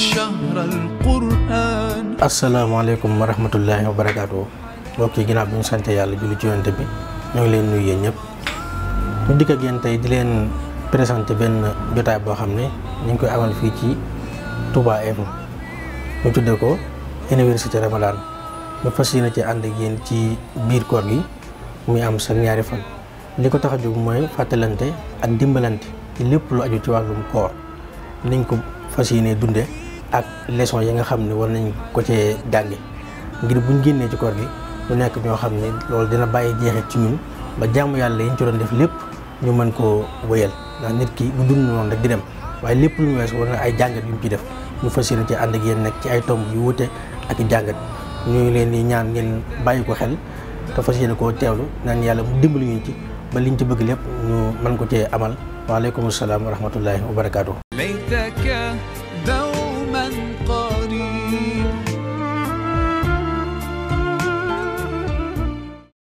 shahral qur'an wa rahmatullahi wa barakaatu mbokk yi ginnaaw bi ñu sant yàlla julli ci yonte bi ñoo ngi leen nuyu yéen ñëpp ñu dikk ak tey di leen présenté benn jotaay boo xam ne ñu koy amal fii ci Touba M ñu tudde ko université Ramadan ñu fas yéene ci ànd ak ci biir koor gi muy am sa ñaari fan li ko tax a jóg mooy fàttalante ak dimbalante ci lépp lu aju ci wàllum koor niñ ko fas yéene dunde ak leçon yi nga xam ne war nañ ko cee jànge ngir buñ génnee ci koor gi lu nekk ñoo xam ne loolu dina bàyyi jeexit ci ñun ba jàmm yàlla yi ñu ci doon def lépp ñu mën koo wëyal ndax nit ki bu dund di dem waaye lépp lu ñu wees war na ay jàngat yu mu ci def ñu fas yéene ci ànd ak yéen nag ci ay tomb yu wute ak jàngat ñu leen di ñaan ngeen bàyyi ko xel te fas yéene koo teewlu naan yàlla mu dimbali ñu ci ba liñ ci bëgg lépp ñu mën ko cee amal waaleykum salaam wa rahmatullahi wa barakaatu.